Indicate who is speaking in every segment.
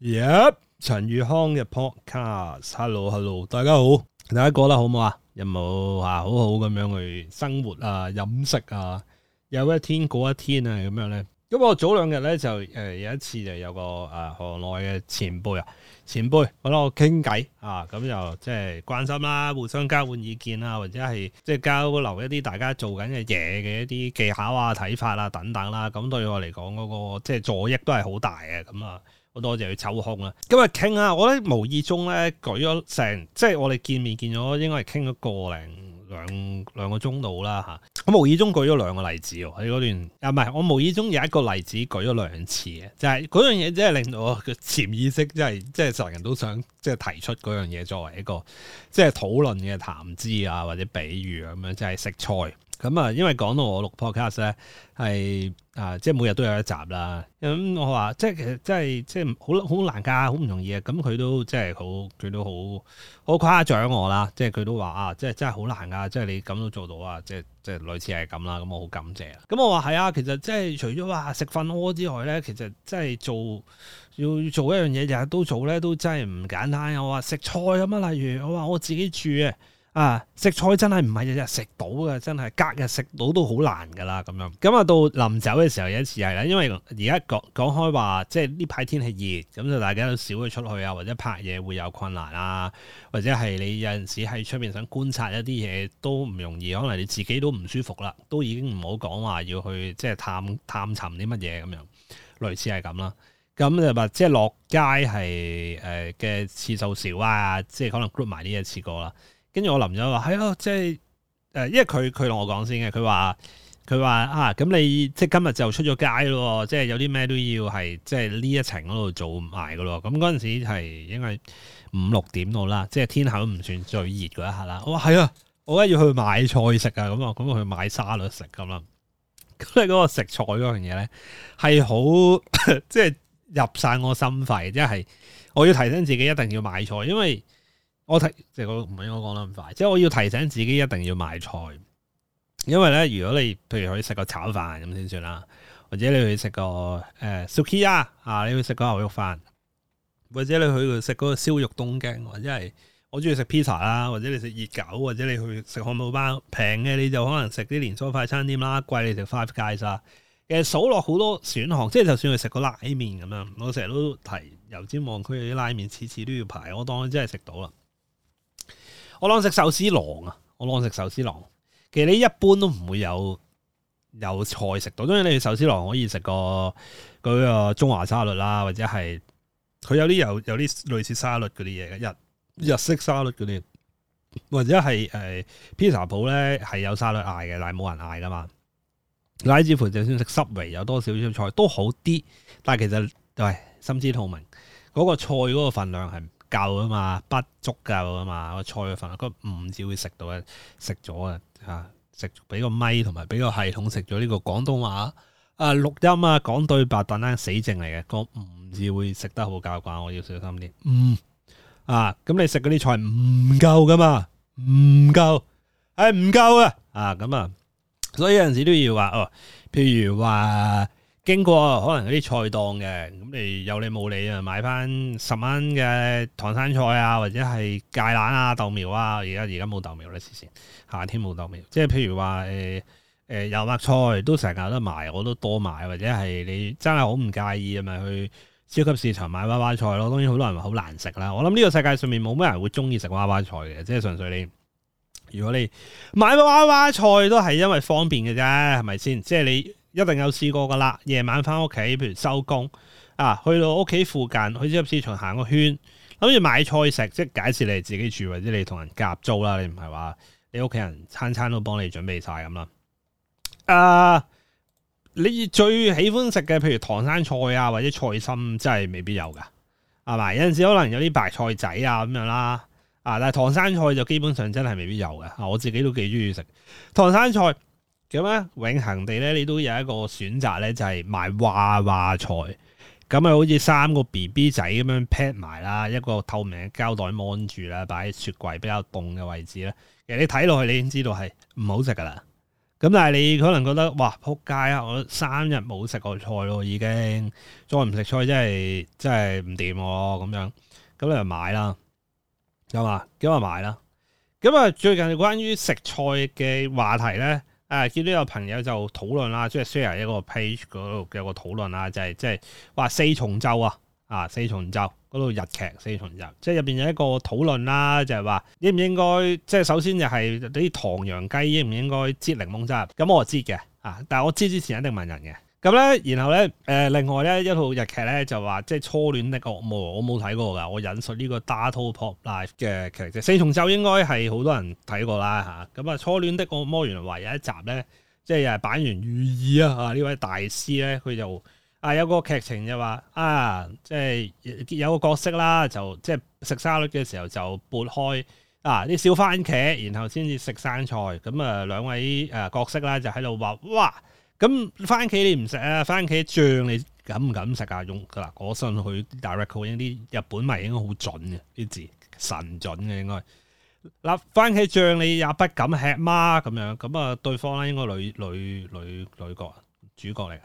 Speaker 1: Yep，陳宇康嘅 podcast，hello hello，大家好，大家過得好冇啊？有冇啊？好好咁樣去生活啊，飲食啊，有一天過一天啊，咁樣咧。咁我早兩日咧就誒、呃、有一次就有個誒、呃、行內嘅前輩啊，前輩，我啦，我傾偈啊，咁就即係關心啦，互相交換意見啊，或者係即係交流一啲大家做緊嘅嘢嘅一啲技巧啊、睇法啦、啊、等等啦、啊，咁對我嚟講嗰個即係、就是、助益都係好大嘅咁啊。多謝佢抽空啦。今日傾啊，我咧無意中咧舉咗成，即係我哋見面見咗，應該係傾咗個零兩兩個鐘度啦吓。我無意中舉咗兩個例子喎，喺嗰段啊，唔係我無意中有一個例子舉咗兩次嘅，就係嗰樣嘢即係令到我潛意識，即係即係成人都想即係提出嗰樣嘢作為一個即係討論嘅談資啊，或者比喻咁樣，即係食菜。咁啊、嗯，因為講到我錄 podcast 咧，係啊，即係每日都有一集啦。咁、嗯、我話，即係其實即係即係好好難噶，好唔容易啊。咁佢都即係好，佢都好好誇獎我啦。即係佢都話啊，即係真係好難噶，即係你咁都做到啊，即係即係類似係咁啦。咁、嗯、我好感謝。咁、嗯、我話係啊，其實即係除咗話食瞓屙之外咧，其實即係做要做一樣嘢日日都做咧，都真係唔簡單。我話食菜咁啊，例如我話我自己煮啊。啊！食菜真係唔係日日食到嘅，真係隔日食到都好難噶啦。咁樣咁啊，到臨走嘅時候有一次係啦。因為而家講講開話，即係呢排天氣熱，咁就大家都少咗出去啊，或者拍嘢會有困難啊，或者係你有陣時喺出面想觀察一啲嘢都唔容易，可能你自己都唔舒服啦，都已經唔好講話要去即係探探尋啲乜嘢咁樣，類似係咁啦。咁就話，即係落街係誒嘅次數少啊，即係可能 group 埋呢一次過啦。跟住我臨咗話係咯，即係誒，因為佢佢同我講先嘅，佢話佢話啊，咁你即係今日就出咗街咯，即係有啲咩都要係即係呢一程嗰度做唔埋噶咯。咁嗰陣時係應該五六點到啦，即係天氣都唔算最熱嗰一刻啦。我話，係啊，我而家、哎、要去買菜食啊，咁啊，咁去買沙律食咁啦。咁你嗰個食菜嗰樣嘢咧係好即係入晒我心肺，即、就、係、是、我要提醒自己一定要買菜，因為。我提即係我唔係，我講得咁快。即係我要提醒自己一定要買菜，因為咧，如果你譬如去食個炒飯咁先算啦，或者你去食個誒 Sukiya 啊，你去食個牛肉飯，或者你去食嗰個燒肉東京，或者係我中意食 pizza 啦，或者你食熱狗，或者你去食漢堡包，平嘅你就可能食啲連鎖快餐店啦，貴你就 Five Guys 啊。其實數落好多選項，即係就算去食個拉麵咁樣，我成日都提油尖旺區啲拉麵，次次都要排。我當我真係食到啦。我浪食壽司郎啊！我浪食壽司郎，其實你一般都唔會有有菜食到，因為你壽司郎可以食個嗰個中華沙律啦，或者係佢有啲有有啲類似沙律嗰啲嘢，嘅日日式沙律嗰啲，或者係誒、呃、披薩鋪咧係有沙律嗌嘅，但係冇人嗌噶嘛。乃至乎就算食濕味，有多少少菜都好啲，但係其實都係心知肚明嗰、嗰個菜嗰個份量係。夠啊嘛，不足夠啊嘛，個菜嘅份，個唔至會食到嘅，食咗啊，食俾個咪同埋俾個系統食咗呢個廣東話啊錄音啊講對白，但等死淨嚟嘅，個唔至會食得好搞慣，我要小心啲。嗯啊，咁你食嗰啲菜唔夠噶嘛，唔夠係唔夠啊啊咁啊，所以有陣時都要話哦，譬如話。經過可能嗰啲菜檔嘅，咁、嗯、你有你冇你啊，買翻十蚊嘅唐山菜啊，或者係芥蘭啊、豆苗啊，而家而家冇豆苗啦，是，是夏天冇豆苗。即係譬如話，誒、呃、誒、呃、油麥菜都成日有得賣，我都多買，或者係你真係好唔介意啊，咪、就是、去超級市場買娃娃菜咯。當然，好多人話好難食啦。我諗呢個世界上面冇咩人會中意食娃娃菜嘅，即係純粹你，如果你買個娃娃菜都係因為方便嘅啫，係咪先？即係你。一定有試過噶啦，夜晚翻屋企，譬如收工啊，去到屋企附近，去啲市場行個圈，諗住買菜食，即係假設你自己住，或者你同人夾租啦，你唔係話你屋企人餐餐都幫你準備晒咁啦。啊，你最喜歡食嘅，譬如唐山菜啊，或者菜心，真係未必有噶，係咪？有陣時可能有啲白菜仔啊咁樣啦，啊，但係唐山菜就基本上真係未必有嘅。啊，我自己都幾中意食唐山菜。咁咧、嗯，永恒地咧，你都有一個選擇咧，就係、是、買娃娃菜。咁啊，好似三個 B B 仔咁樣 pat 埋啦，一個透明膠袋蒙住啦，擺喺雪櫃比較凍嘅位置咧。其實你睇落去，你已經知道係唔好食噶啦。咁、嗯、但係你可能覺得哇，撲街啊！我三日冇食過菜咯，已經再唔食菜真係真係唔掂喎。咁樣咁你就買啦，有嘛？咁啊買啦。咁、嗯、啊，最近關於食菜嘅話題咧～誒、啊，見到有朋友就討論啦，即、就、係、是、share 一個 page 嗰度嘅個討論啦，就係即係話四重奏啊，啊四重奏嗰度日劇四重奏，即係入邊有一個討論啦，就係、是、話、啊就是、應唔應該，即係首先就係、是、啲唐揚雞應唔應該擠檸檬汁，咁、嗯、我知嘅，啊，但係我知之前一定問人嘅。咁咧，然後咧，誒，另外咧一套日劇咧就話即係初戀的惡魔，我冇睇過噶。我引述呢個 Daru Pop Life 嘅劇集《四重奏》，應該係好多人睇過啦嚇。咁啊，初戀的惡魔原來話有一集咧，即係又係坂元裕二啊啊呢位大師咧，佢就啊有個劇情就話啊，即係有個角色啦，就即係食沙律嘅時候就撥開啊啲小番茄，然後先至食生菜。咁啊，兩位誒、呃、角色啦就喺度話哇～咁番茄你唔食啊？番茄醬你敢唔敢食啊？用嗱，我信佢 direct 嗰啲日本咪，應該好準嘅啲字，神準嘅，應該，嗱番茄醬你也不敢吃嘛？咁樣，咁啊，對方咧，應該女女女女角主角嚟㗎，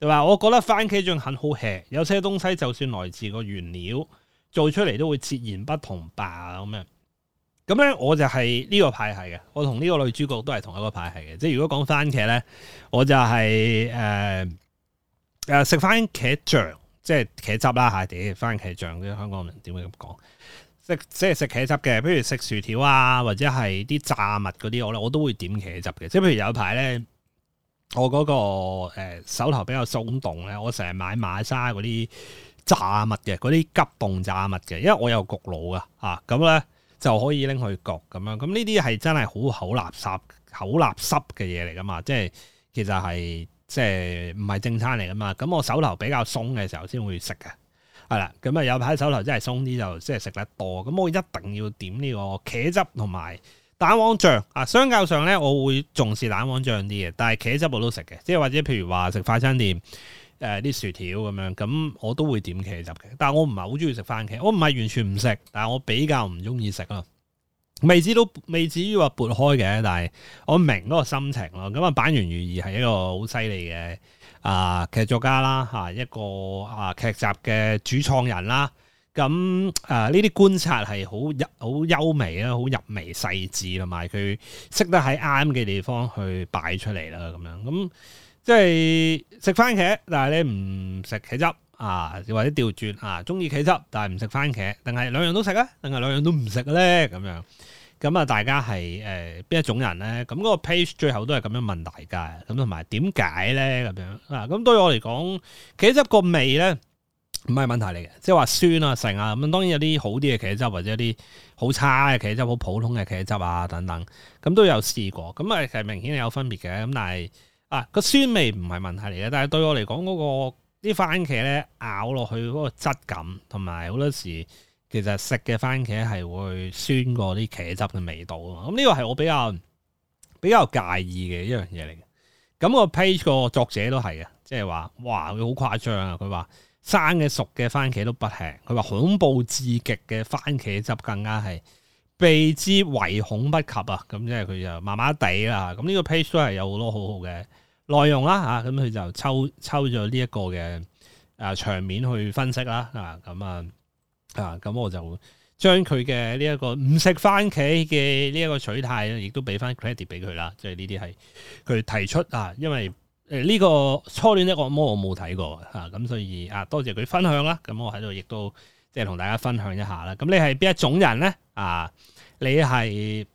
Speaker 1: 就話我覺得番茄醬很好吃，有些東西就算來自個原料做出嚟都會截然不同吧，咁樣。咁咧，我就係呢個派系嘅。我同呢個女主角都係同一個派系嘅。即係如果講番茄咧，我就係誒誒食番茄醬，即係茄汁啦嚇。啲番茄醬，啲香港人點會咁講？食即係食茄汁嘅，譬如食薯條啊，或者係啲炸物嗰啲，我咧我都會點茄汁嘅。即係譬如有排咧，我嗰個、誒、手頭比較鬆動咧，我成日買馬莎嗰啲炸物嘅，嗰啲急凍炸物嘅，因為我有焗爐噶啊，咁咧。就可以拎去焗咁樣，咁呢啲係真係好好垃圾、好垃圾嘅嘢嚟噶嘛，即係其實係即係唔係正餐嚟噶嘛，咁我手頭比較鬆嘅時候先會食嘅，係啦，咁啊有排手頭真係鬆啲就即係食得多，咁我一定要點呢個茄汁同埋蛋黃醬啊，相較上咧，我會重視蛋黃醬啲嘅，但係茄汁我都食嘅，即係或者譬如話食快餐店。誒啲、嗯、薯條咁樣，咁我都會點茄汁嘅，但係我唔係好中意食番茄，我唔係完全唔食，但係我比較唔中意食咯。未至於未至於話撥開嘅，但係我明嗰個心情咯。咁啊，坂元裕二係一個好犀利嘅啊劇作家啦嚇、啊，一個啊劇集嘅主創人啦。咁誒呢啲觀察係好好優美啊，好入微細緻，同埋佢識得喺啱嘅地方去擺出嚟啦，咁樣咁。即係食番茄，但係你唔食茄汁啊，或者調轉啊，中意茄汁但係唔食番茄，定係兩樣都食咧，定係兩樣都唔食咧咁樣？咁啊，大家係誒邊一種人咧？咁、那、嗰個 page 最後都係咁樣問大家，咁同埋點解咧？咁樣啊？咁、啊、對我嚟講，茄汁個味咧唔係問題嚟嘅，即係話酸啊、成啊，咁當然有啲好啲嘅茄汁，或者一啲好差嘅茄汁、好普通嘅茄汁啊等等，咁都有試過，咁啊其實明顯有分別嘅，咁但係。啊個酸味唔係問題嚟嘅，但係對我嚟講嗰個啲番茄咧咬落去嗰個質感，同埋好多時其實食嘅番茄係會酸過啲茄汁嘅味道啊！咁呢個係我比較比較介意嘅一樣嘢嚟嘅。咁、嗯嗰個 page 個作者都係嘅，即係話哇佢好誇張啊！佢話生嘅熟嘅番茄都不吃，佢話恐怖至極嘅番茄汁更加係避之唯恐不及啊！咁、嗯嗯、即係佢就麻麻地啦。咁、嗯、呢、呢個 page 都係有好多好好多好好嘅。內容啦嚇，咁、啊、佢就抽抽咗呢一個嘅啊場面去分析啦，啊咁啊啊咁、啊啊啊啊、我就將佢嘅呢一個唔食番茄嘅呢一個取態亦都俾翻 credit 俾佢啦，即係呢啲係佢提出啊，因為誒呢個初戀嘅惡魔我冇睇過啊，咁所以啊多謝佢分享啦，咁、啊、我喺度亦都即係同大家分享一下啦。咁你係邊一種人咧？啊，你係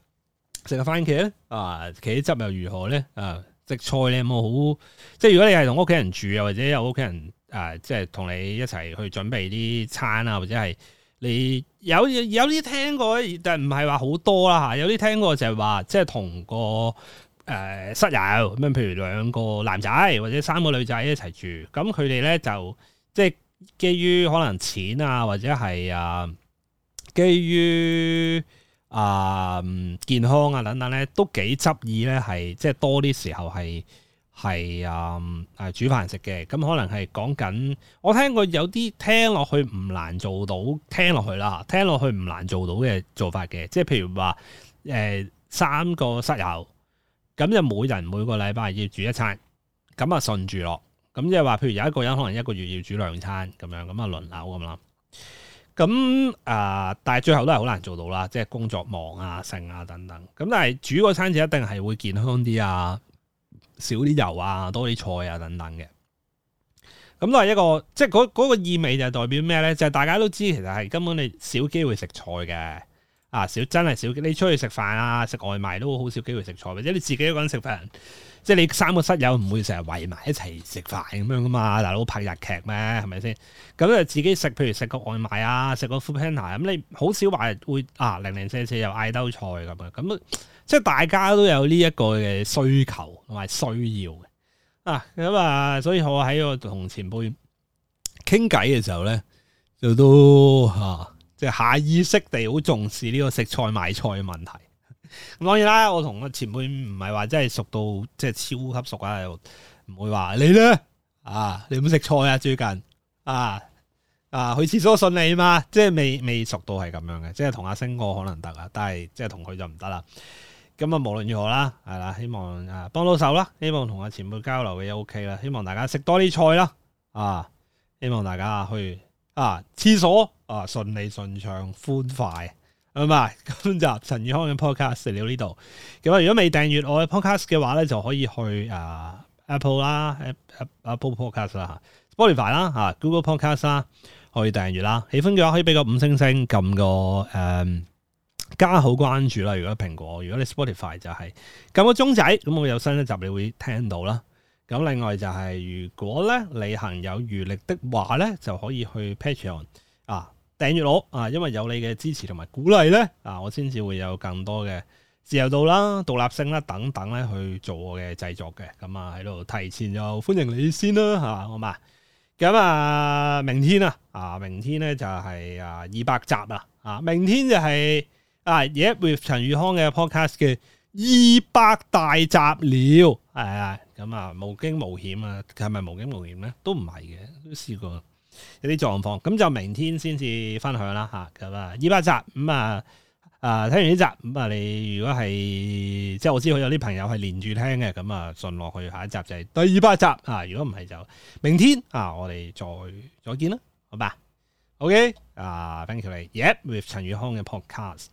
Speaker 1: 食番茄咧？啊，茄汁又如何咧？啊？食菜你有冇好，即係如果你係同屋企人住啊，或者有屋企人誒、呃，即係同你一齊去準備啲餐啊，或者係你有有啲聽過，但係唔係話好多啦吓、啊，有啲聽過就係話即係同個誒、呃、室友咁樣，譬如兩個男仔或者三個女仔一齊住，咁佢哋咧就即係基於可能錢啊，或者係啊基於。啊，健康啊等等咧，都幾執意咧，係即係多啲時候係係啊誒煮飯食嘅。咁、嗯、可能係講緊，我聽過有啲聽落去唔難做到，聽落去啦，聽落去唔難做到嘅做法嘅。即係譬如話誒、呃、三個室友，咁就每人每個禮拜要煮一餐，咁啊順住落，咁即係話譬如有一個人可能一個月要煮兩餐咁樣，咁啊輪流咁啦。咁啊、嗯！但係最後都係好難做到啦，即係工作忙啊、剩啊等等。咁但係煮個餐就一定係會健康啲啊，少啲油啊，多啲菜啊等等嘅。咁、嗯、都係一個，即係嗰嗰個意味就係代表咩咧？就係、是、大家都知，其實係根本你少機會食菜嘅啊，少真係少。你出去食飯啊，食外賣都好少機會食菜，或者你自己一個人食飯。即係你三個室友唔會成日圍埋一齊食飯咁樣噶嘛，大佬拍日劇咩？係咪先？咁就自己食，譬如食個外賣啊，食個 Foodpanda 咁，你好少話會啊零零舍舍又嗌兜菜咁樣。咁即係大家都有呢一個嘅需求同埋需要嘅。嗱、啊、咁啊，所以我喺度同前輩傾偈嘅時候咧，就都嚇即係下意識地好重視呢個食菜買菜嘅問題。咁當然啦，我同阿前輩唔係話真係熟到即係超級熟啊，又唔會話你咧啊，你唔好食菜啊最近啊啊去廁所順利嘛？即係未未熟到係咁樣嘅，即係同阿星哥可能得啊，但係即係同佢就唔得啦。咁啊無論如何啦，係啦，希望啊幫到手啦，希望同阿前輩交流嘅嘢 OK 啦，希望大家食多啲菜啦啊，希望大家去啊廁所啊順利順暢歡快。明白，咁 就陳宇康嘅 podcast 嚟到呢度。咁啊，如果未訂閱我嘅 podcast 嘅話咧，就可以去啊 Apple 啦啊、Apple Podcast 啦、Spotify 啦、啊 Google Podcast 啦，可以訂閱啦。喜歡嘅話，可以俾個五星星，撳個誒加好關注啦。如果蘋果，如果你 Spotify 就係、是、撳個鐘仔，咁我有新一集你會聽到啦。咁另外就係、是、如果咧你行有餘力的話咧，就可以去 Patreon 啊。訂閱我啊，因為有你嘅支持同埋鼓勵咧，啊，我先至會有更多嘅自由度啦、獨立性啦等等咧，去做我嘅製作嘅。咁、嗯、啊，喺度提前就歡迎你先啦，嚇，好嘛？咁啊，明天啊，啊，明天咧就係啊二百集啦，啊，明天就係、就是、啊，嘢 with 陳宇康嘅 podcast 嘅二百大集了，係、嗯、啊，咁啊，無驚無險啊，係咪無驚無險咧？都唔係嘅，都試過。有啲狀況，咁就明天先至分享啦吓，咁啊，二百集咁、嗯、啊,啊聽完呢集咁、嗯、啊，你如果係即係我知，我有啲朋友係連住聽嘅，咁啊順落去下一集就係第二百集啊，如果唔係就明天啊，我哋再再見啦，好吧 o k 啊，thank you 你，Yep，with、yeah, 陳宇康嘅 Podcast。